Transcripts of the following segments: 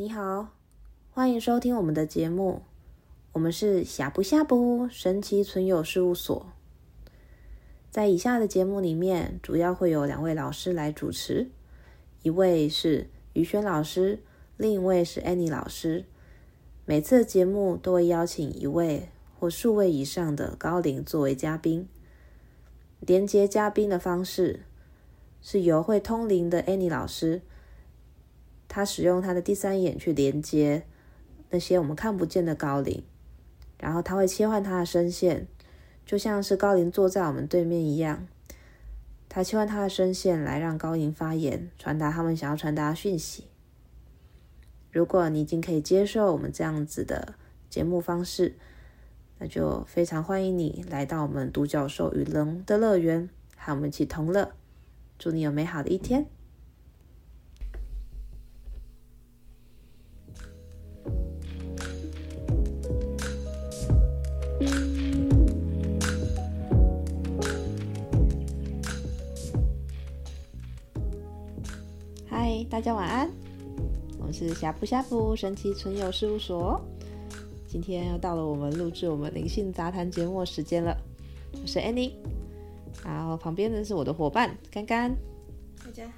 你好，歡迎收聽我們的節目。我們是下不下不神奇存有事務所。在以下的節目裡面，主要會有兩位老師來主持，一位是於軒老師，另一位是 Annie 老師。每次的節目都會邀請一位或數位以上的高靈作為嘉賓。連接嘉賓的方式是由會通靈的 Annie 老師。他使用他的第三眼去連接那些我們看不見的高靈，然後他會切換他的聲線，就像是高靈坐在我們對面一樣，他切換他的聲線來讓高靈發言，傳達他們想要傳達的訊息。如果你已經可以接受我們這樣子的節目方式，那就非常歡迎你來到我們獨角獸與龍的樂園，和我們一起同樂。祝你有美好的一天！嗨，Hi, 大家晚安！我是夏普夏普神奇存有事務所。今天又到了我們錄製我們靈性雜談節目時間了。我是 Annie，然後旁邊呢是我的夥伴干干。干干，大家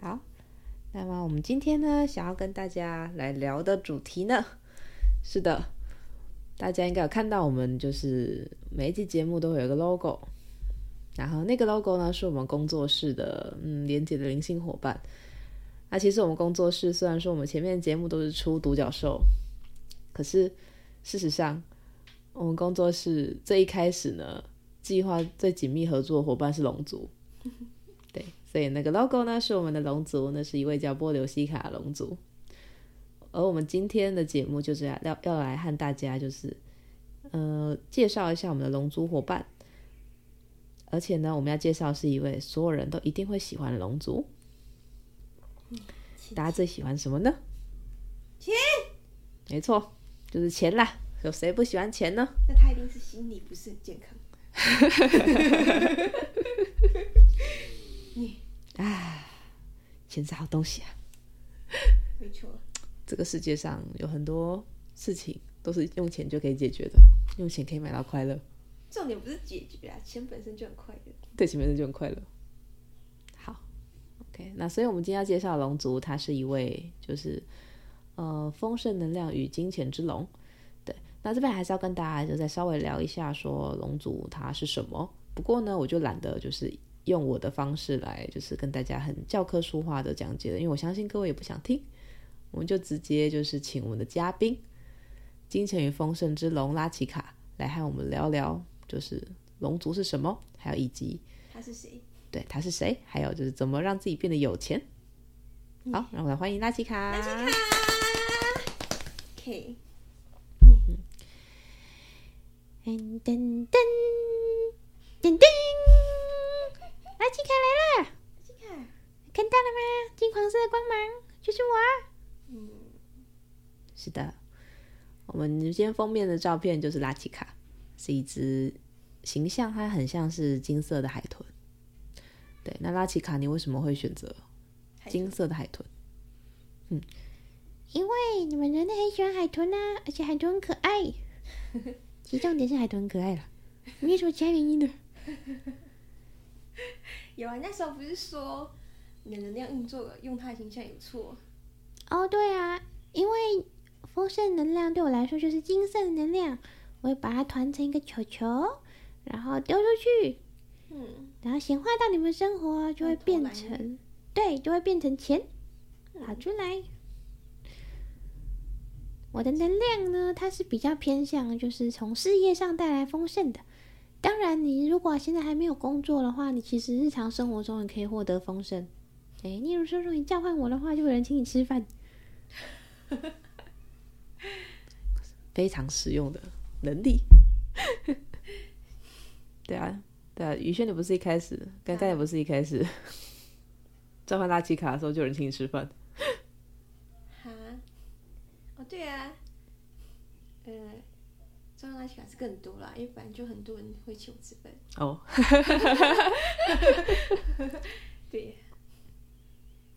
好。好，那麼我們今天呢，想要跟大家來聊的主題呢，是的，大家應該有看到我們就是每一集節目都會有一個 logo。然後那個 logo 呢，是我們工作室的，嗯，連結的靈性夥伴。啊，其實我們工作室雖然說我們前面的節目都是出獨角獸，可是事實上，我們工作室最一開始呢，計劃最緊密合作的夥伴是龍族。對，所以那個 logo 呢，是我們的龍族，那是一位叫波流西卡龍族。而我們今天的節目就是要要，要來和大家就是，呃，介紹一下我們的龍族夥伴。而且呢，我們要介紹是一位所有人都一定會喜歡的龍族。嗯、大家最喜歡什麼呢？錢？沒錯，就是錢啦。有誰不喜歡錢呢？那他一定是心理不是很健康。你、 嗯、啊，錢是好東西啊。沒錯，這個世界上有很多事情都是用錢就可以解決的，用錢可以買到快樂。重點不是解決啊，錢本身就很快樂，對，錢本身就很快樂。好，OK，那所以我們今天要介紹龍族，他是一位就是呃豐盛能量與金錢之龍。對，那這邊還是要跟大家就再稍微聊一下，說龍族它是什麼。不過呢，我就懶得就是用我的方式來就是跟大家很教科書化的講解了，因為我相信各位也不想聽，我們就直接就是請我們的嘉賓金錢與豐盛之龍拉綺卡來和我們聊聊。就是龍族是什麼？還有一集他是誰？對，他是誰？還有就是怎麼讓自己變得有錢？嗯、好，讓我來歡迎拉綺卡。拉綺卡、嗯、，OK，、嗯、噔噔噔，噔噔，拉綺卡來了！拉綺卡，看到了嗎？金黃色的光芒就是我、啊。嗯、是的，我們今天封面的照片就是拉綺卡。是一隻形象，它很像是金色的海豚。對，那拉綺卡，你為什麼會選擇金色的海豚？海豚？嗯，因為你們人類很喜歡海豚啦、啊，而且海豚很可愛。 其實重點是海豚很可愛了。 沒有什麼其他原因的？ 有啊，那時候不是說你的能量運作了，用它的形象有錯？哦，對啊，因為豐盛能量對我來說就是金色的能量。我會把它團成一個球球，然後丟出去，嗯，然後顯化到你們生活，啊，就會變成，對，就會變成錢，拿出來。嗯，我的能量呢，它是比較偏向就是從事業上帶來豐盛的。當然，你如果現在還沒有工作的話，你其實日常生活中也可以獲得豐盛。誒，例如說，如果你召喚我的話，就會有人請你吃飯， 非常實用的。能力， 對啊，對啊，於軒，你不是一開始，剛剛也不是一開始，啊、 召喚拉綺卡的時候就有人請你吃飯，啊，哦、oh, 對啊，呃，召喚拉綺卡是更多了，因為反正就很多人會請我吃飯哦，oh. 對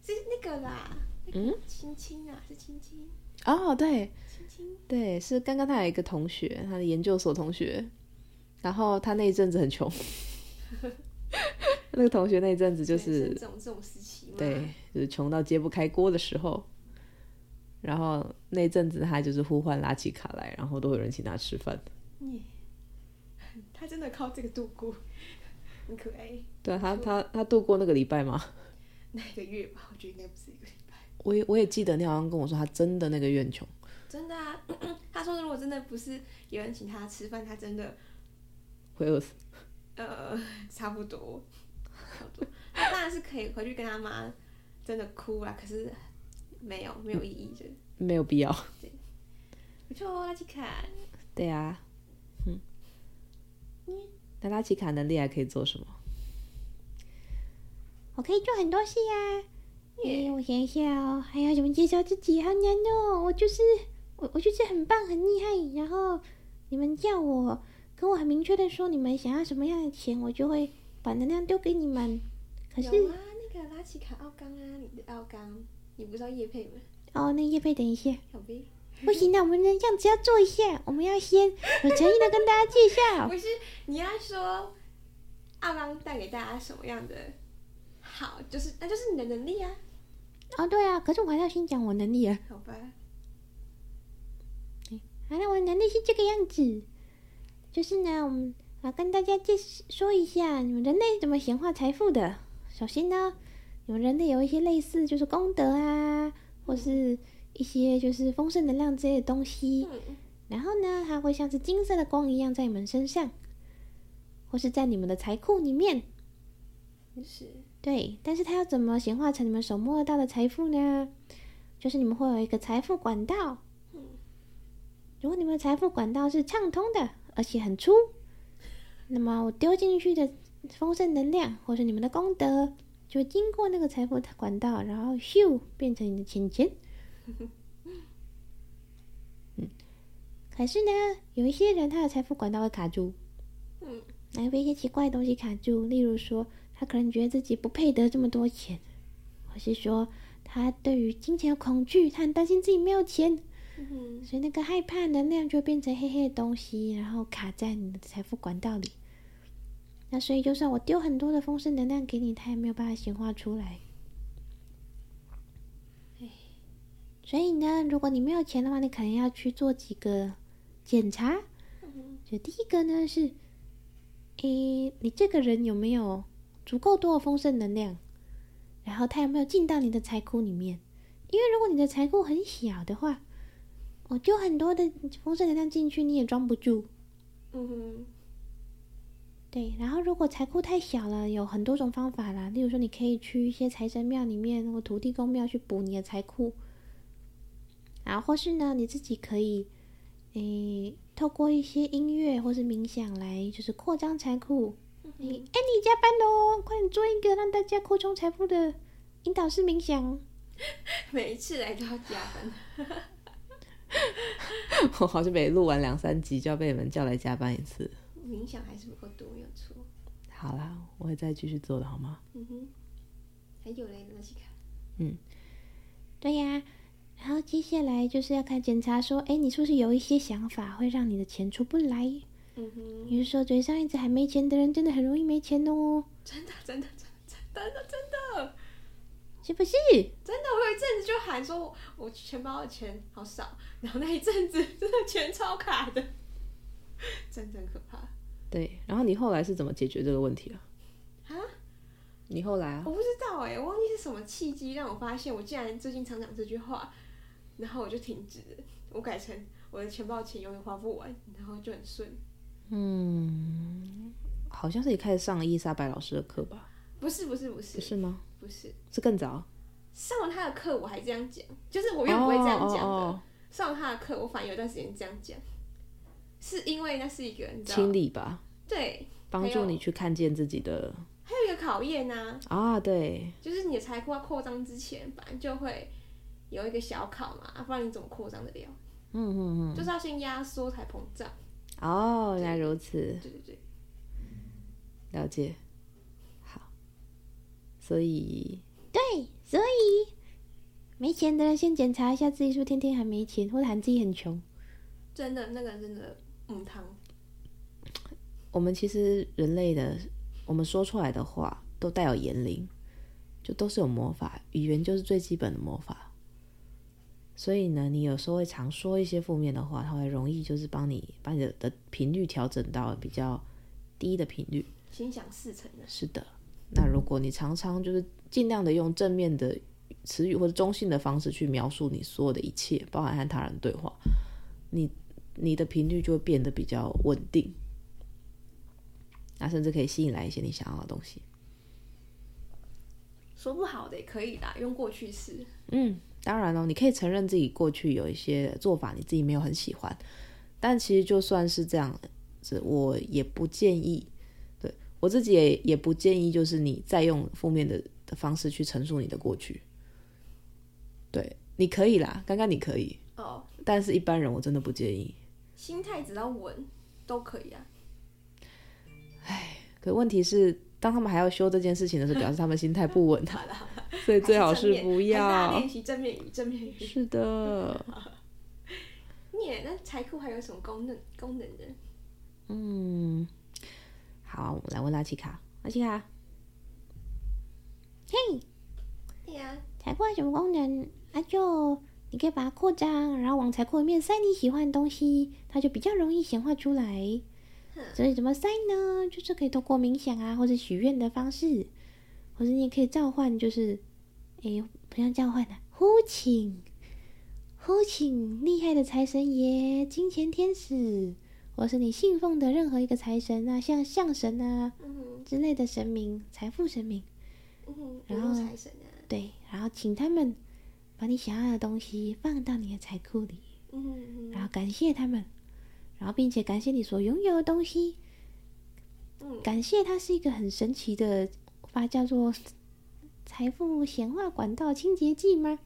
別，是那個啦，那個青青啊、嗯，親親啊，是親親。哦，oh, 對，清清對，是剛剛他有一個同學，他的研究所同學，然後他那一陣子很窮， 那個同學那一陣子就是，是這種這種時期嘛，對，就是窮到揭不開鍋的時候，然後那一陣子他就是呼喚拿起卡來，然後都有人請他吃飯，他真的靠這個度過，很可愛。對啊，他他他度過那個禮拜嗎？那一個月吧，我覺得應該不是一個月。我也我也記得，你好像跟我說他真的那個怨窮，真的啊咳咳。他說如果真的不是有人請他吃飯，他真的會餓死。Where was? 呃，差不多，差不多，他當然是可以回去跟他媽真的哭了，可是沒有沒有意義，就、嗯、是沒有必要。對，不錯，拉綺卡。對啊，那、嗯、拉綺卡能力還可以做什麼？我可以做很多事啊。哎呀，我想一下，還要怎麼介紹自己好難哦！Ano, 我就是我，我就是很棒，很厲害。然後你們叫我，跟我很明確的說你們想要什麼樣的錢，我就會把能量丟給你們。可是，哇，那個拉綺卡奧剛啊，你的奧剛，你不知道業配嗎？哦、喔，那業配，等一下，有杯 不行，那我們的樣子要做一下，我們要先有誠意的跟大家介紹。 不是，你要說奧剛帶給大家什麼樣的好，就是那就是你的能力啊。哦，對啊，可是我還是要先講我能力啊。好吧。哎、啊，那我的能力是這個樣子，就是呢，我們啊，跟大家介紹說一下，你們人類怎麼顯化財富的。首先呢，你們人類有一些類似就是功德啊，或是一些就是豐盛能量之類的東西，嗯、然後呢，它會像是金色的光一樣在你們身上，或是在你們的財庫裡面。是、嗯。對，但是他要怎麼顯化成你們手摸得到的財富呢？就是你們會有一個財富管道。如果你們的財富管道是暢通的，而且很粗，那麼我丟進去的豐盛能量，或是你們的功德，就會經過那個財富管道，然後咻，變成你的錢錢。嗯，可是呢，有一些人他的財富管道會卡住，嗯，會被一些奇怪的東西卡住，例如說。他可能覺得自己不配得這麼多錢，或是說他對於金錢有恐懼，他很擔心自己沒有錢，所以那個害怕能量就變成黑黑的東西，然後卡在你的財富管道裡。那所以就算我丟很多的豐盛能量給你，他也沒有辦法顯化出來。所以呢，如果你沒有錢的話，你可能要去做幾個檢查。就第一個呢是，誒，你這個人有沒有？足夠多的豐盛能量，然後它有沒有進到你的財庫裡面，因為如果你的財庫很小的話，哦，丟很多的豐盛能量進去你也裝不住。嗯哼，對。然後如果財庫太小了，有很多種方法啦，例如說你可以去一些財神廟裡面或土地公廟去補你的財庫，啊，或是呢你自己可以，誒、欸，透過一些音樂或是冥想來，就是擴張財庫。你哎，嗯欸、你加班嘍！快點做一個讓大家擴充財富的引導式冥想。每一次來都要加班， 我好像每錄完兩三集就要被你們叫來加班一次。冥想還是不夠多，沒有錯。好啦，我會再繼續做的，好嗎？嗯哼，還有嘞，那去看。嗯，對呀，然後接下來就是要看檢查說，說哎，你是不是有一些想法會讓你的錢出不來？嗯哼，mm hmm. 你是說嘴上一直還沒錢的人，真的很容易沒錢哦。真的，真的，真的真的，真的，是不是？真的，我有一陣子就喊說，我錢包的錢好少，然後那一陣子真的錢超卡的， 真真可怕。對，然後你後來是怎麼解決這個問題啊？啊？你後來啊？我不知道哎、欸，我忘記是什麼契機讓我發現，我竟然最近常講這句話，然後我就停止，我改成我的錢包的錢永遠花不完，然後就很順。嗯，好像是也開始上了伊莎白老師的課吧？不是，不，是不是，不是，不是，不是嗎？不是，是更早上了他的課，我還這樣講，就是我又不會這樣講的。哦哦哦哦上了他的課，我反而有段時間這樣講，是因為那是一個清理吧？對，幫助你去看見自己的。還有一個考驗呢、啊？啊，對，就是你的財庫要擴張之前，反正就會有一個小考嘛，不然你怎麼擴張得了？嗯嗯嗯，就是要先壓縮才膨脹。哦，原來如此。對對對，了解。好，所以對，所以沒錢的人先檢查一下自己是不是天天喊沒錢，或者喊自己很窮。真的，那個真的母湯。我們其實人類的，我們說出來的話都帶有言靈，就都是有魔法。語言就是最基本的魔法。所以呢，你有時候會常說一些負面的話，它會容易就是幫你把你的頻率調整到比較低的頻率，心想事成的是的。那如果你常常就是盡量的用正面的詞語或者中性的方式去描述你所有的一切，包含和他人對話，你你的頻率就會變得比較穩定，那、啊、甚至可以吸引來一些你想要的東西。說不好的也可以的，用過去式，嗯。當然嘍、哦，你可以承認自己過去有一些做法，你自己沒有很喜歡。但其實就算是這樣子，我也不建議，對我自己也也不建議，就是你再用負面的的方式去陳述你的過去。對，你可以啦，剛剛你可以哦，Oh. 但是一般人我真的不建議。心態只要穩，都可以啊。唉，可問題是。當他們還要修這件事情的時候，表示他們心態不穩了， 了 所以最好是不要練習正、正面語。正面語是的。 好 yeah, 那財庫還有什麼功能？功能嗯，好，我們來問拉綺卡。拉綺卡，嘿，對呀，財庫有什麼功能？啊、就你可以把它擴張，然後往財庫裡面塞你喜歡的東西，它就比較容易顯化出來。所以怎麼塞呢？就是可以通過冥想啊，或者許願的方式，或者你也可以召喚，就是哎，不要召喚了、啊，呼請，呼請厲害的財神爺、金錢天使，或是你信奉的任何一個財神啊，像象神啊之類的神明、財富神明。然後對，然後請他們把你想要的東西放到你的財庫裡，然後感謝他們。然後，並且感謝你所擁有的東西。感謝它，是一個很神奇的發叫做“財富顯化管道清潔劑”嗎？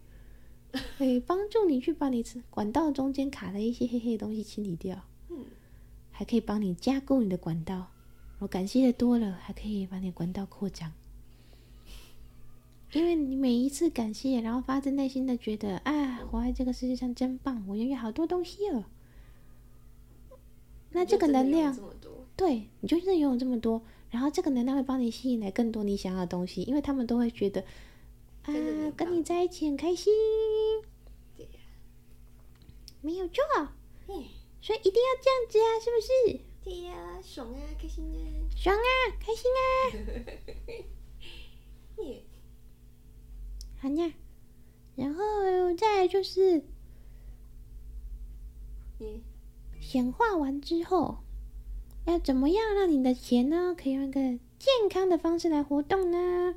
可以幫助你去把你管道中間卡的一些黑黑的東西清理掉。還可以幫你加固你的管道。我感謝的多了，還可以把你的管道擴張。因為你每一次感謝，然後發自內心的覺得，啊、哎，我愛這個世界上真棒，我擁有好多東西哦。那這個能量，對，你就是擁有這麼多，然後這個能量會幫你吸引來更多你想要的東西，因為他們都會覺得，啊，跟你在一起很開心。對呀、啊，沒有錯，嘿所以一定要這樣子啊，是不是？對呀，爽啊，開心啊，爽啊，開心啊。好呀、啊，啊、 嘿然後、呃、再就是，錢顯化完之後，要怎麼樣讓你的錢呢，可以用一個健康的方式來活動呢？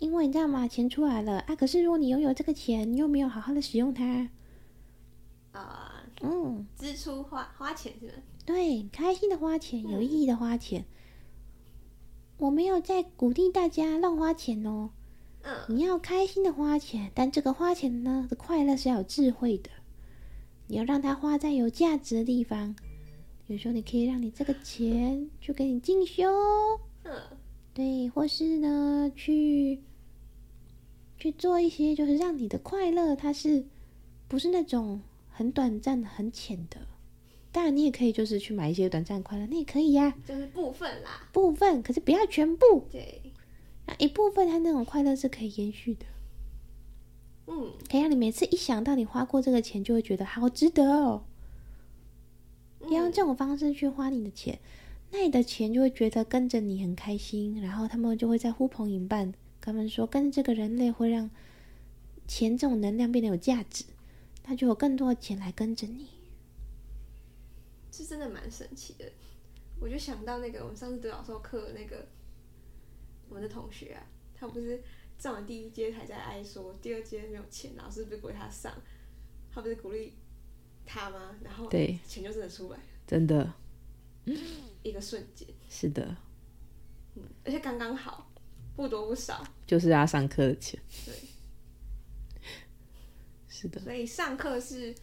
因為你知道嗎，錢出來了啊，可是如果你擁有這個錢，你又沒有好好的使用它，啊、呃，嗯，支出花花錢是吧？對，開心的花錢，有意義的花錢。嗯、我沒有在鼓勵大家亂花錢哦，嗯、你要開心的花錢，但這個花錢呢的快樂是要有智慧的。你要讓它花在有價值的地方。有時候你可以讓你這個錢去給你進修，對，或是呢去去做一些，就是讓你的快樂，它是不是那種很短暫、很淺的？當然，你也可以就是去買一些短暫快樂，那也可以呀、啊，就是部分啦，部分，可是不要全部。對，那一部分它那種快樂是可以延續的。嗯，可以讓你每次一想到你花過這個錢，就會覺得好值得哦。要、嗯、用這種方式去花你的錢，那你的錢就會覺得跟着你很開心，然後他們就會在呼朋引伴，跟他們說跟着這個人類會讓錢這種能量變得有價值，他就有更多的錢來跟着你。這真的蠻神奇的，我就想到那個我們上次獨角獸課那個我們的同學啊，他不是。上完第一階還在哀說，第二階沒有錢、啊，老師是不是鼓勵他上，他不是鼓勵他嗎？然後對錢就真的出來了，真的，嗯、一個瞬間，是的，嗯、而且剛剛好，不多不少，就是他上課的錢，對，是的，所以上課是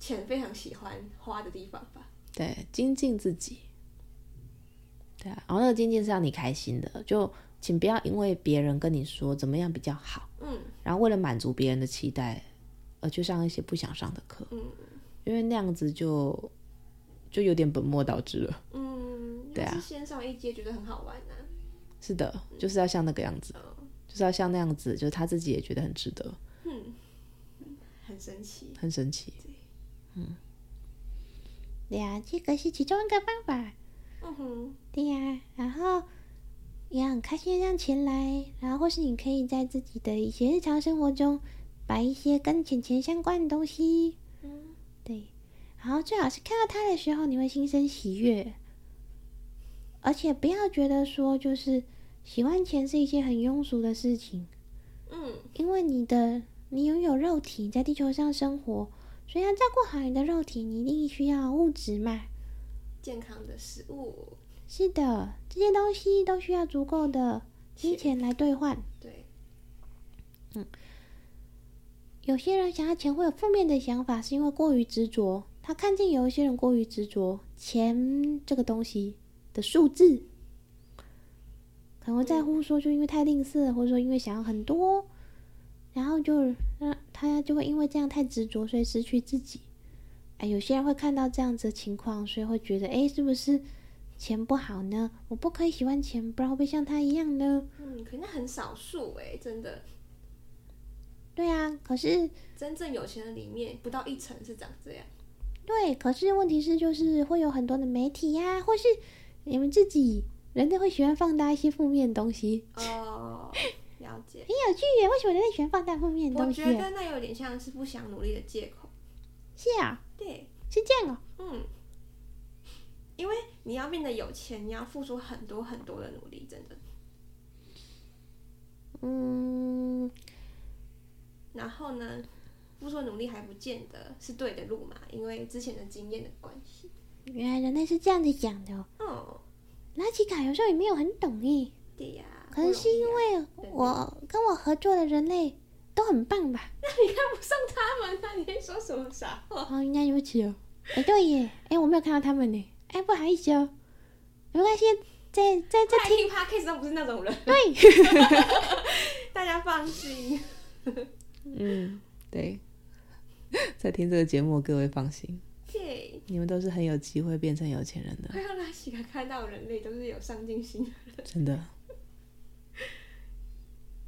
錢非常喜歡花的地方吧？對，精進自己，對啊，然、哦、後那個精進是讓你開心的，就。請不要因為別人跟你說怎麼樣比較好，嗯，然後為了滿足別人的期待，而去上一些不想上的課，嗯，因為那樣子就就有點本末倒置了，嗯，對啊，先上一階覺得很好玩呢，是的，就是要像那個樣子，就是要像那樣子，就是他自己也覺得很值得，嗯，很神奇，很神奇，嗯，對呀，這個是其中一個方法，嗯哼，對呀，然後。也很開心的讓錢來，然後或是你可以在自己的一些日常生活中，擺一些跟錢錢相關的東西。嗯，對，然後最好是看到它的時候，你會心生喜悅，而且不要覺得說就是喜歡錢是一件很庸俗的事情。嗯，因為你的你擁有肉體，在地球上生活，所以要照顧好你的肉體，你一定需要物質嘛，健康的食物。是的。這些東西都需要足夠的金錢來兌換。對，嗯，有些人想要錢會有負面的想法，是因為過於執着。他看見有一些人過於執着錢這個東西的數字，可能會在乎說，就因為太吝嗇，或者說因為想要很多，然後就他他就會因為這樣太執着，所以失去自己。哎，有些人會看到這樣子的情況，所以會覺得，哎，是不是？錢不好呢，我不可以喜歡錢，不然會不會像他一樣呢？嗯，可能很少數誒。真的。對啊，可是真正有錢的裡面不到一成是長這樣。對，可是問題是就是會有很多的媒體呀、啊，或是你們自己，人家會喜歡放大一些負面的東西。哦，了解。 很有趣耶，為什麼人家喜歡放大負面的東西？我覺得那有點像是不想努力的借口。是啊、喔，對，是這樣哦、喔。嗯。因為你要變得有錢，你要付出很多很多的努力，真的。嗯，然後呢，付出努力還不見得是對的路嘛，因為之前的經驗的關係。原來人類是這樣子講的、喔、哦。拉綺卡有時候也沒有很懂耶。對呀、啊。可能是因為我跟我合作的人類都很棒吧。那你看不上他們、啊？那你還說什麼傻話？哦，應該如此哦、喔。哎、欸，對耶。哎、 欸，我沒有看到他們呢。哎、欸，不好意思哦、喔，如果現在在在聽 podcast 都不是那種人，對， 大家放心，嗯，對，在聽這個節目，各位放心，對， 你們都是很有機會變成有錢人的。我有拉看到人類都是有上進心，的人。真的，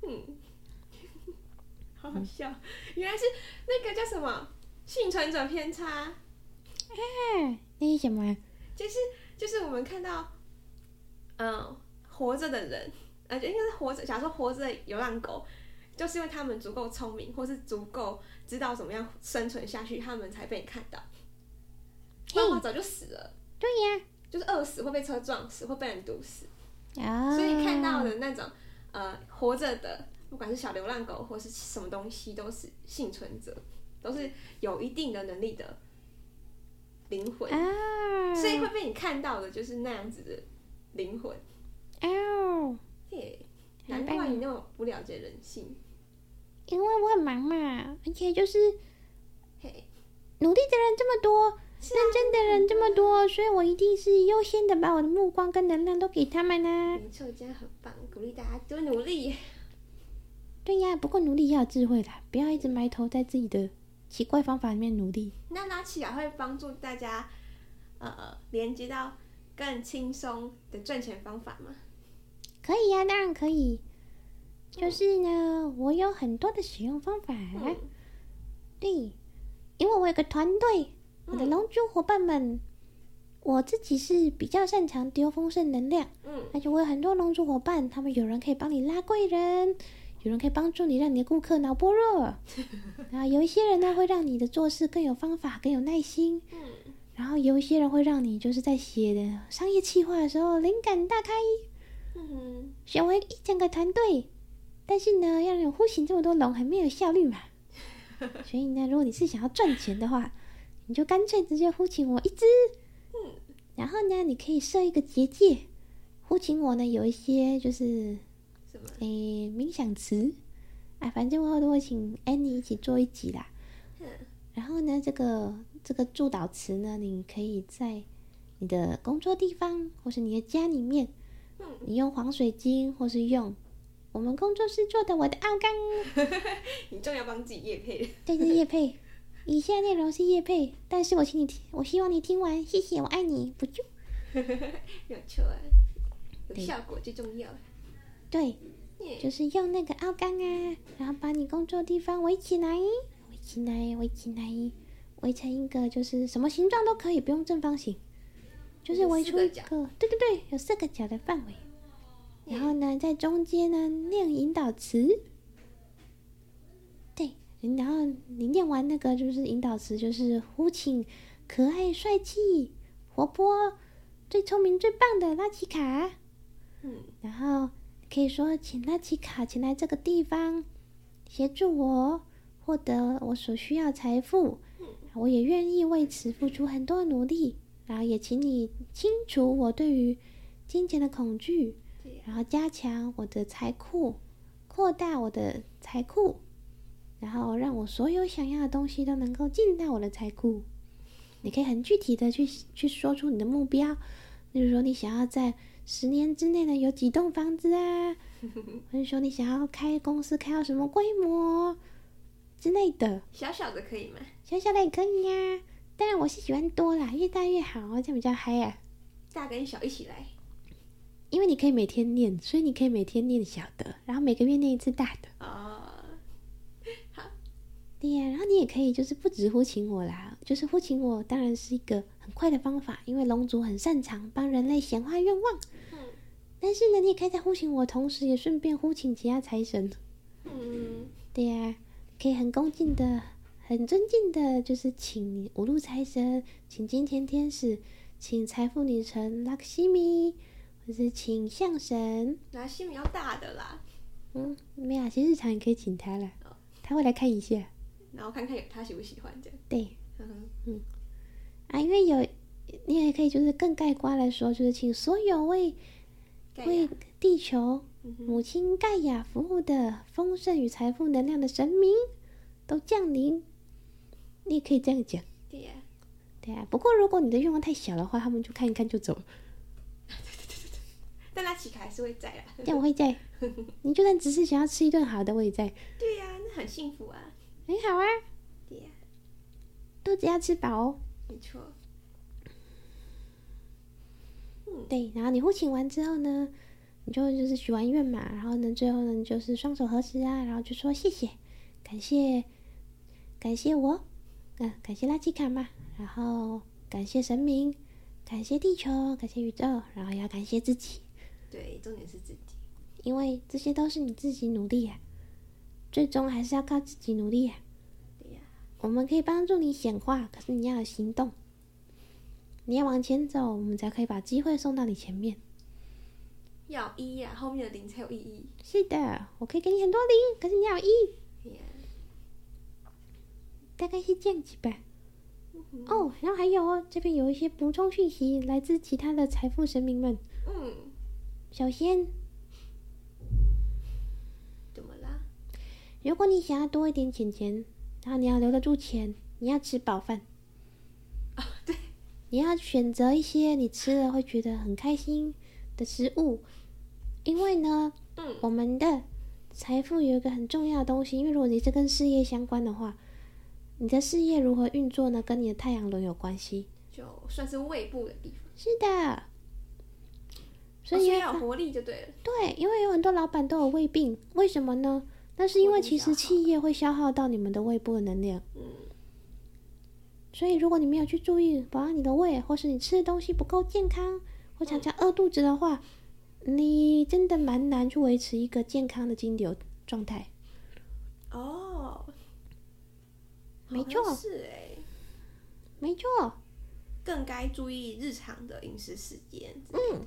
嗯，好好笑，原來是那個叫什麼幸存者偏差，嘿嘿、欸，那是什麼、啊？其實，就是，就是我們看到，嗯，活着的人，呃，應該是活着。假如說活着的流浪狗，就是因為他們足夠聰明，或是足夠知道怎麼樣生存下去，他們才被你看到。另外，早就死了。對呀，就是餓死，會被車撞死，會被人毒死。啊。Oh. 所以看到的那種，呃，活着的，不管是小流浪狗或是什麼東西，都是幸存者，都是有一定的能力的。靈魂，oh, 所以會被你看到的，就是那樣子的靈魂。哎、oh, Hey, 難怪你那麼不了解人性。因為我很忙嘛，而且就是，嘿，努力的人這麼多，hey, 認真的人這麼多，啊、所以我一定是優先的把我的目光跟能量都給他們呢、啊。沒錯，這樣很棒，鼓勵大家多努力。對呀、啊，不過努力也有智慧啦，不要一直埋頭在自己的。奇怪方法裡面努力，那拉綺卡會幫助大家，呃，連接到更輕鬆的賺錢方法嗎？可以呀、啊，當然可以。嗯、就是呢，我有很多的使用方法。嗯、對，因為我有一個團隊，我的龍族夥伴們，嗯、我自己是比較擅長丟豐盛能量，嗯，而且我有很多龍族夥伴，他們有人可以幫你拉貴人。有人可以幫助你，讓你的顧客腦波弱。然後有一些人呢，會讓你的做事更有方法，更有耐心。然後有一些人會讓你就是在寫的商業企劃的時候靈感大開。嗯，選為一整個團隊，但是呢，要讓你呼請這麼多龍，還沒有效率嘛？所以呢，如果你是想要賺錢的話，你就乾脆直接呼請我一隻。嗯。然後呢，你可以設一個結界，呼請我呢，有一些就是。誒，冥想詞，哎、啊，反正我都會請 Annie 一起做一集啦。然後呢，這個這個祝禱詞呢，你可以在你的工作地方或是你的家裡面，你用黃水晶或是用我們工作室做的我的奧剛。 你重要幫自己業配了，對，是業配。以下內容是業配，但是我請你聽，我希望你聽完，謝謝，我愛你，不就？ 有錯，啊，有效果最重要。對，就是用那個奧剛啊，然後把你工作的地方圍起，圍起來，圍起來，圍起來，圍成一個就是什麼形狀都可以，不用正方形，就是圍出一個。個對對對，有四個角的範圍。然後呢，在中間呢，念引導詞。對，然後你念完那個就是引導詞，就是呼請可愛、帥氣、活潑、最聰明、最棒的拉綺卡。嗯，然後。可以說，請拉綺卡前來這個地方，協助我獲得我所需要財富。我也願意為此付出很多努力。然後也請你清除我對於金錢的恐懼，然後加強我的財庫，擴大我的財庫，然後讓我所有想要的東西都能夠進到我的財庫。你可以很具體的去去說出你的目標，例如說你想要在。十年之內呢，有幾棟房子啊？或者 說你想要開公司，開到什麼規模之類的？小小的可以嗎？小小的也可以呀、啊，當然我是喜歡多啦，越大越好，這樣比較嗨呀、啊。大跟小一起來，因為你可以每天念，所以你可以每天念小的，然後每個月念一次大的。哦，好，對呀、啊，然後你也可以就是不只呼請我啦。就是呼請我當然是一個很快的方法，因為龍族很擅長幫人類顯化願望。嗯、但是呢，你也可以在呼請我同時，也順便呼請其他財神。嗯，嗯，對呀、啊，可以很恭敬的、很尊敬的，就是請五路財神，請金錢天、天使，請財富女神拉克西米，或是請象神。拉克西米要大的啦。嗯，沒有、啊，其實日常也可以請他了，哦、他會來看一下，然後看看有他喜不喜歡這樣。對。嗯，啊，因為有你也可以，就是更概括來說，就是請所有為為地球母親蓋亞服務的豐盛與財富能量的神明都降臨。你也可以這樣講。對呀對啊。不過如果你的願望太小的話，他們就看一看就走。對但他起碼還是會在啊。但我會在。你就算只是想要吃一頓好的，我也在。對呀、啊，那很幸福啊，很、欸、好啊。肚子要吃飽哦，沒錯。對，然後你呼請完之後呢，你就就是許完願嘛，然後呢，最後呢就是雙手合十啊，然後就說謝謝，感謝，感謝我，嗯，感謝拉綺卡嘛，然後感謝神明，感謝地球，感謝宇宙，然後也要感謝自己。對，重點是自己，因為這些都是你自己努力啊，最終還是要靠自己努力啊。我們可以幫助你顯化，可是你要有行動，你要往前走，我們才可以把機會送到你前面。要一呀、啊，後面的零才有意義。是的，我可以給你很多零，可是你要一。Yeah. 大概是這樣子吧。哦、mm，hmm. oh, 然後還有哦，這邊有一些補充訊息，來自其他的財富神明們。嗯、mm，首、hmm. 先，怎麼啦？如果你想要多一點錢錢。然後你要留得住錢，你要吃飽飯。哦，oh, 對，你要選擇一些你吃了會覺得很開心的食物，因為呢，嗯，我們的財富有一個很重要的東西，因為如果你是跟事業相關的話，你的事業如何運作呢？跟你的太陽輪有關係，就算是胃部的地方。是的，所以有，要有活力就對了。對，因為有很多老闆都有胃病，為什麼呢？但是因為其實氣液會消耗到你們的胃部的能量，嗯，所以如果你沒有去注意保養你的胃，或是你吃的東西不夠健康，或常常餓肚子的話，你真的蠻難去維持一個健康的金流狀態。哦，沒錯，是誒，沒錯，更該注意日常的飲食時間。嗯，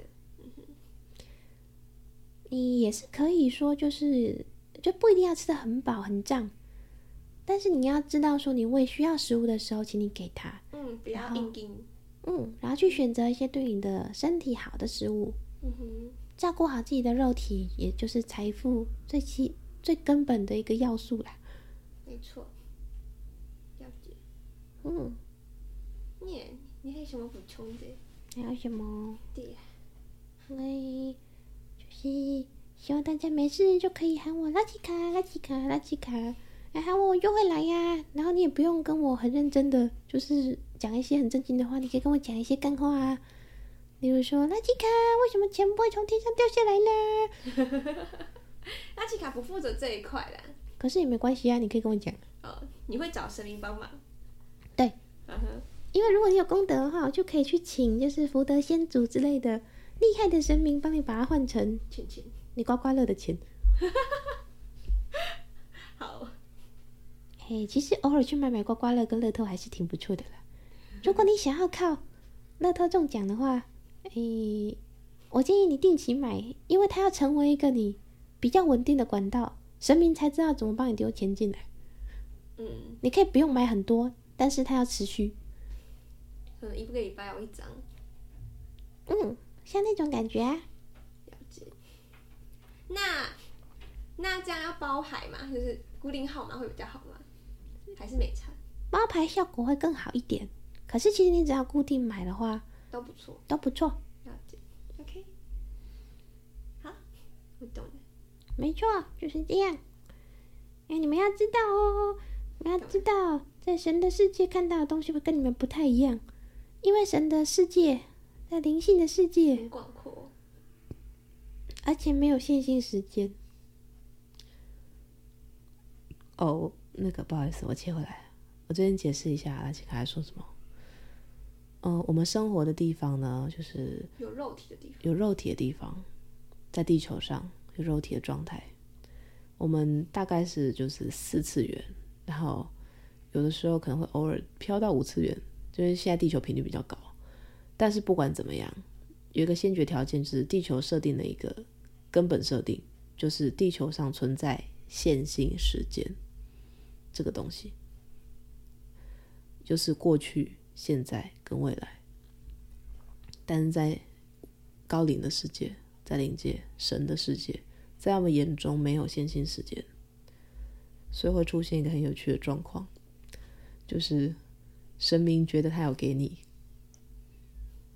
你也是可以說就是。就不一定要吃得很飽很脹，但是你要知道說你胃需要食物的時候，請你給它，嗯，不要硬硬，嗯，然後去選擇一些對你的身體好的食物，嗯哼，照顧好自己的肉體，也就是財富最基最根本的一個要素啦，沒錯，了解，嗯，你也你還有什麼補充的？還有什麼？對、啊，所以、okay, 就是。希望大家沒事就可以喊我拉綺卡，拉綺卡，拉綺卡，來喊我，我就會來呀，啊。然後你也不用跟我很認真的，就是講一些很正經的話，你可以跟我講一些幹話，啊，例如說拉綺卡，為什麼錢不會從天上掉下來呢？ 拉綺卡不負責這一塊啦，可是也沒關係啊，你可以跟我講哦。你會找神明幫忙？對，uh huh. 因為如果你有功德的話，我就可以去請，就是福德先祖之類的厲害的神明幫你把它換成錢錢。請請你刮刮樂的錢，好，嘿，其實偶爾去買買刮刮樂跟樂透還是挺不錯的啦。如果你想要靠樂透中獎的話，哎，我建議你定期買，因為它要成為一個你比較穩定的管道，神明才知道怎麼幫你丟錢進來。嗯，你可以不用買很多，但是它要持續。嗯，一個禮拜有一張。嗯，像那種感覺啊。那那這樣要包牌嗎？就是固定號碼會比較好嗎？還是沒差？包牌效果會更好一點？可是其實你只要固定買的話，都不錯，都不錯。了解，OK，好，我懂了，沒錯，就是這樣。哎，你們要知道哦，你們要知道，在神的世界看到的東西會跟你們不太一樣，因為神的世界在靈性的世界。而且沒有線性時間。哦，那個不好意思，我切回來了，我這邊解釋一下，啊。拉綺卡剛才說什麼？呃，我們生活的地方呢，就是有肉體的地方，有肉體的地方，在地球上有肉體的狀態。我們大概是就是四次元，然後有的時候可能會偶爾飄到五次元，就是現在地球頻率比較高。但是不管怎麼樣，有一個先決條件是地球設定了一個。根本設定就是地球上存在線性時間這個東西，就是過去、現在跟未來。但是在高靈的世界、在靈界、神的世界，在我們眼中沒有線性時間，所以會出現一個很有趣的狀況，就是神明覺得他有給你，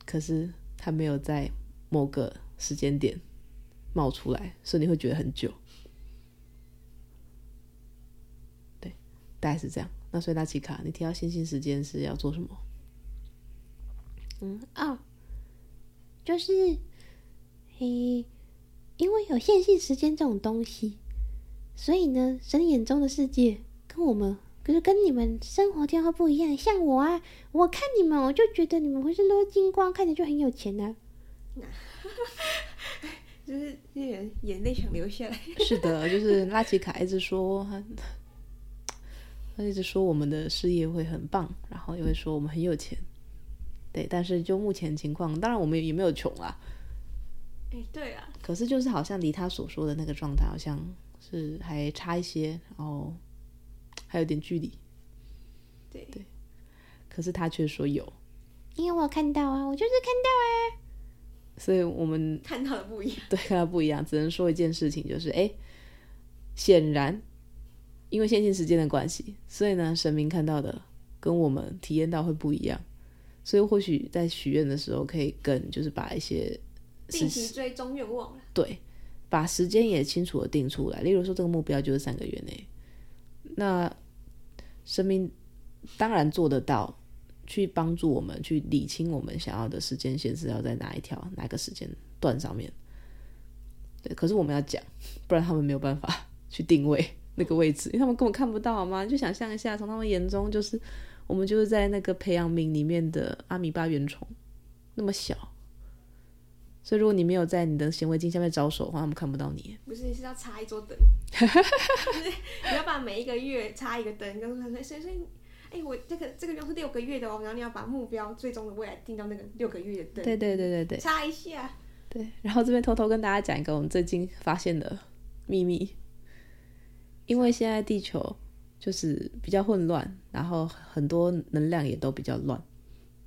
可是他沒有在某個時間點。冒出來，所以你會覺得很久。對，大概是這樣。那所以拉綺卡，你提到線性時間是要做什麼？嗯，二、哦、就是，嘿、欸，因為有線性時間這種東西，所以呢，神眼中的世界跟我們，可、就是跟你們生活天花不一樣。像我啊，我看你們，我就覺得你們渾身都是金光，看起來就很有錢呢、啊。嗯 就是那人眼淚想流下來。是的，就是拉綺卡一直說，他 一直說我們的事業會很棒，然後也會說我們很有錢。對，但是就目前情況，當然我們也沒有窮啊。欸、對啊。可是就是好像離他所說的那個狀態，好像是還差一些，然後還有點距離。對對。可是他卻說有。因為我看到啊，我就是看到啊所以我們看到的不一樣，對，看到不一樣，只能說一件事情，就是哎，顯然，因為線性時間的關係，所以呢，神明看到的跟我們體驗到會不一樣。所以或許在許願的時候，可以更就是把一些進行追蹤願望了，對，把時間也清楚的定出來。例如說，這個目標就是三個月內，那神明當然做得到。去幫助我們，去理清我們想要的時間線是要在哪一條、哪個時間段上面？對，可是我們要講，不然他們沒有辦法去定位那個位置，因為他們根本看不到，好嗎？就想象一下，從他們眼中，就是我們就是在那個培養皿裡面的阿米巴原蟲，那麼小。所以如果你沒有在你的顯微鏡下面招手的話，他們看不到你。不是，你是要插一桌燈。 就是，你要把每一個月插一個燈，跟他們說先生為這個這個用是六個月的哦，然後你要把目標最終的未來定到那個六個月的。對對對對對。查一下。對，然後這邊偷偷跟大家講一個我們最近發現的秘密，因為現在地球就是比較混亂，然後很多能量也都比較亂，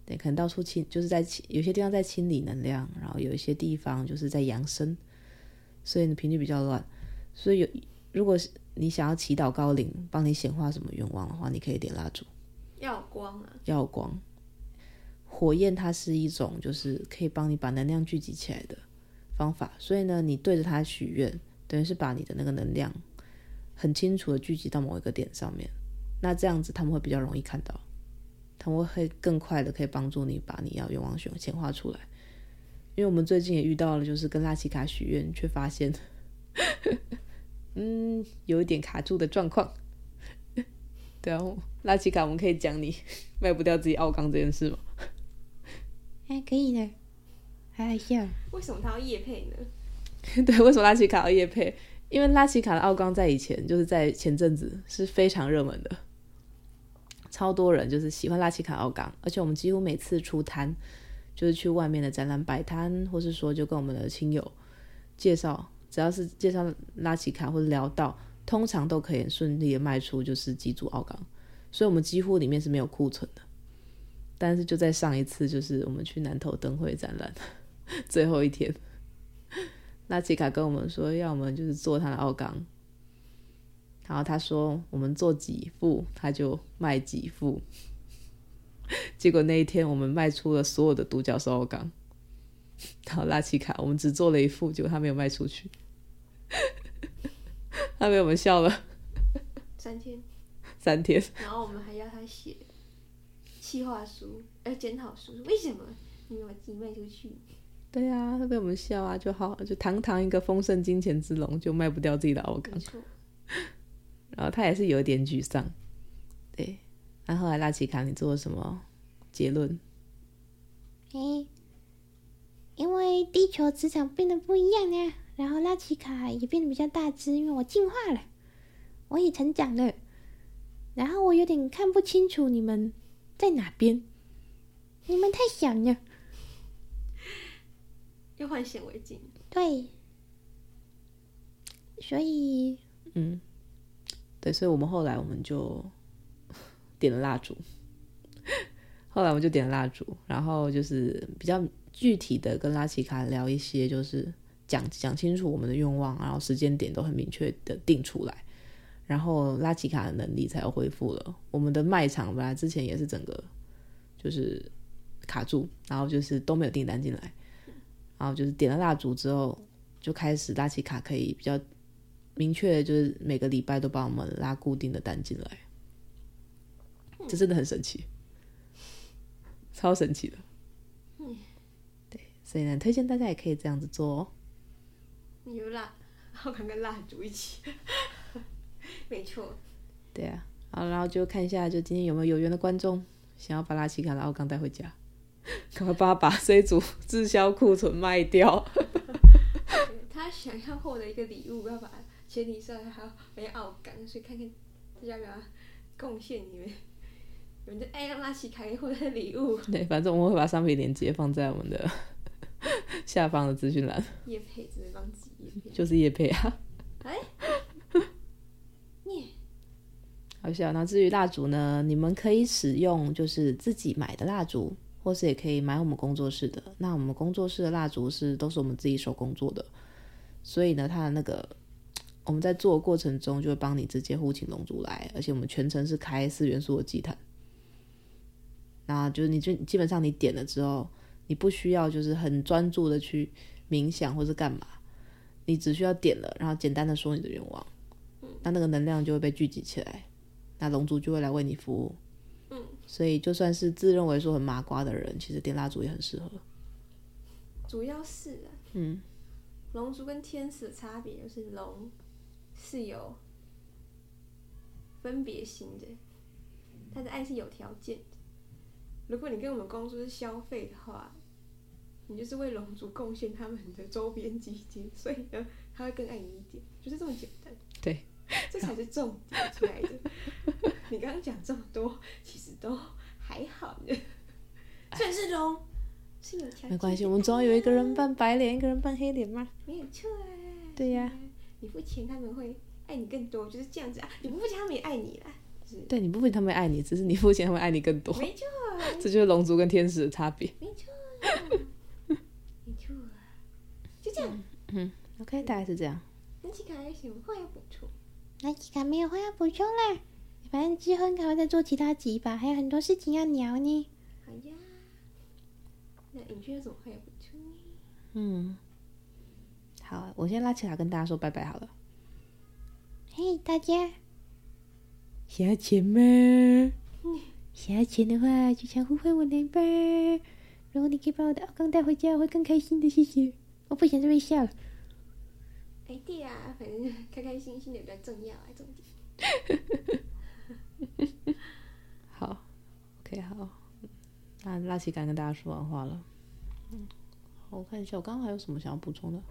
對，可能到處清就是在有些地方在清理能量，然後有一些地方就是在揚升，所以你頻率比較亂。所以有如果你想要祈禱高靈，幫你顯化什麼願望的話，你可以點蠟燭。耀光啊！耀光、火焰它是一種就是可以幫你把能量聚集起來的方法，所以呢，你對着它許願，等於是把你的那個能量很清楚的聚集到某一個點上面，那這樣子他們會比較容易看到，他們會更快的可以幫助你把你要願望顯化出來。因為我們最近也遇到了，就是跟拉綺卡許願，卻發現， 嗯，有一點卡住的狀況。對啊，拉綺卡，我們可以講你賣不掉自己奧鋼這件事嗎？哎、啊，可以的。哎呀，為什麼他要業配呢？ 對，為什麼拉綺卡要業配？因為拉綺卡的奧鋼在以前，就是在前陣子是非常熱門的，超多人就是喜歡拉綺卡奧鋼，而且我們幾乎每次出攤，就是去外面的展覽擺攤，或是說就跟我們的親友介紹，只要是介紹拉綺卡或者聊到。通常都可以很順利的賣出，就是幾組奧剛。所以我們幾乎裡面是沒有庫存的。但是就在上一次，就是我們去南投燈會展覽最後一天，拉綺卡跟我們說，要我們就是做他的奧剛，然後他說我們做幾副，他就賣幾副。結果那一天我們賣出了所有的獨角獸奧剛，然後拉綺卡我們只做了一副，結果他沒有賣出去。他被我們笑了，三天， 三天。然後我們還要他寫企劃書，呃，檢討書。為什麼？因為我自己賣出去。對呀、啊，他被我們笑啊，就好，就堂堂一個豐盛金錢之龍，就賣不掉自己的傲骨。沒錯。 然後他也是有點沮喪。對。那後來拉綺卡，你做了什麼結論？嘿、欸，因為地球磁場變得不一樣啊。然後拉綺卡也變得比較大隻，因為我進化了，我也成長了。然後我有點看不清楚你們在哪邊，你們太小了。要換顯微鏡？對。所以，嗯，對，所以我們後來我們就點了蠟燭。 後來我們就點了蠟燭，然後就是比較具體的跟拉綺卡聊一些，就是。講講清楚我們的願望，然後時間點都很明確的定出來，然後拉綺卡的能力才又恢復了。我們的賣場本來之前也是整個就是卡住，然後就是都沒有訂單進來，然後就是點了蠟燭之後，就開始拉綺卡可以比較明確，就是每個禮拜都幫我們拉固定的單進來，這真的很神奇，超神奇的。對，所以呢，推薦大家也可以這樣子做哦。有蠟，然後跟個蠟燭一起，呵呵沒錯，對啊，好，然後就看一下，就今天有沒有有緣的觀眾想要把拉綺卡的奧剛帶回家，趕快把他把這一組滯銷庫存賣掉。 他想要獲得一個禮物，不要把前提是要還要買奧剛，所以看看大家有沒貢獻你們。有人哎，讓拉綺卡獲得禮物，對，反正我們會把商品鏈接放在我們的。 下方的資訊欄。就是業配啊。哎，好笑。那至於蠟燭呢？你們可以使用就是自己買的蠟燭，或是也可以買我們工作室的。那我們工作室的蠟燭是都是我們自己手工做的，所以呢，它的那個我們在做的過程中就會幫你直接呼請龍珠來，而且我們全程是開四元素的祭壇。那就是你就基本上你點了之後。你不需要就是很專注的去冥想或是幹嘛，你只需要點了，然後簡單的說你的願望，嗯，那那個能量就會被聚集起來，那龍族就會來為你服務。嗯，所以就算是自認為說很麻瓜的人，其實點蠟燭也很適合。主要是，嗯，龍族跟天使的差別就是龍是有分別心的，他的愛是有條件的。如果你跟我們公司是消費的話。你就是為龍族貢獻他們的周邊基金，所以呢，他會更愛你一點，就是這麼簡單。對，這才是重點出來的。 你剛剛講這麼多，其實都還好的。鄭、哎、是龍，是沒關係，我們總要有一個人扮白臉，啊、一個人扮黑臉嘛，沒有錯。對呀、啊，你付錢他們會愛你更多，就是這樣子啊。你不付錢他們也愛你啊，就是、對你不付錢他們愛你，只是你付錢他們愛你更多，沒錯， 這就是龍族跟天使的差別，沒錯。嗯 ，OK，是大概是這樣。拉綺卡還有什麼話要補充？拉綺卡沒有話要補充了，反正之後你還會再做其他集吧，還有很多事情要聊呢。好呀。那影劇有什麼話要補充？嗯，好，我先拉起來跟大家說拜拜好了。嘿，hey, 大家想要錢嗎？嗯？想要錢的話就想，就請呼喚我來吧。如果你可以把我的奧剛帶回家，我會更開心的，謝謝。我、哦、不行，就這麼笑。哎、欸、對呀、啊，反正開開心心的比較重要啊，重點。 好，OK，好。那拉綺卡剛跟大家說完話了。嗯，我看一下，我剛剛還有什麼想要補充的？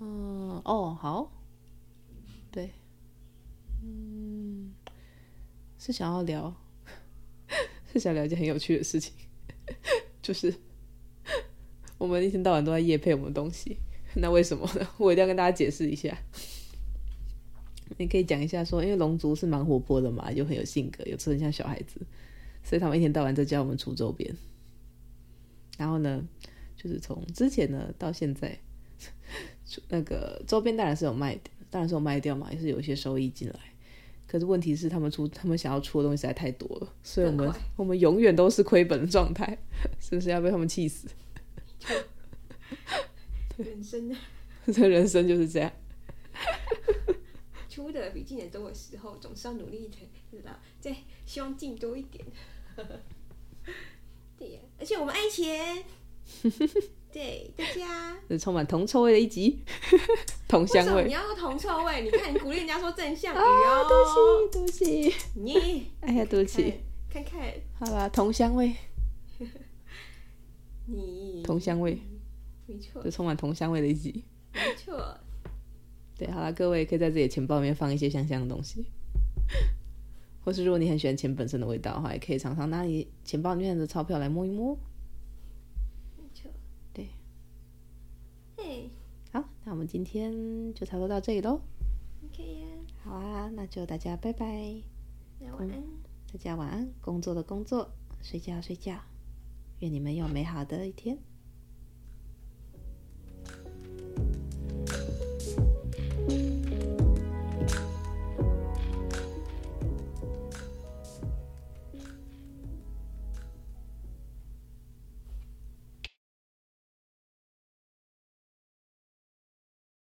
嗯，哦，好。對，嗯，是想要聊，是想聊一件很有趣的事情，就是。我們一天到晚都在業配我們東西，那為什麼呢？我一定要跟大家解釋一下。你可以講一下說，說因為龍族是蠻活潑的嘛，又很有性格，有時候像小孩子，所以他們一天到晚在叫我們出周邊。然後呢，就是從之前呢到現在，那個周邊當然是有賣的，當然是有賣掉嘛，也是有一些收益進來。可是問題是，他們出他們想要出的東西實在太多了，所以我們麼我們永遠都是虧本的狀態，是不是要被他們氣死？人生，啊， 這人生就是這樣。 出的比進的多的時候，總是要努力的，知道？對，希望進多一點。 對呀、啊，而且我們愛錢。 對，大家。是充滿銅臭味的一集。銅 香味，你要銅臭味？你看，你鼓勵人家說正向語哦，多喜多喜，對不起你哎呀，多喜，看看。看看好了，銅香味。 你銅香味，就充滿銅香味的一集，沒錯。沒錯 對，好了，各位可以在自己的錢包裡面放一些香香的東西， 或是如果你很喜歡錢本身的味道的話，也可以常常拿你錢包裡面的鈔票來摸一摸，沒錯。對，嘿，Hey. 好，那我們今天就差不多到這裡嘍。OK 好啊，那就大家拜拜，那晚安，大家晚安，工作的工作，睡覺睡覺。願你們有美好的一天。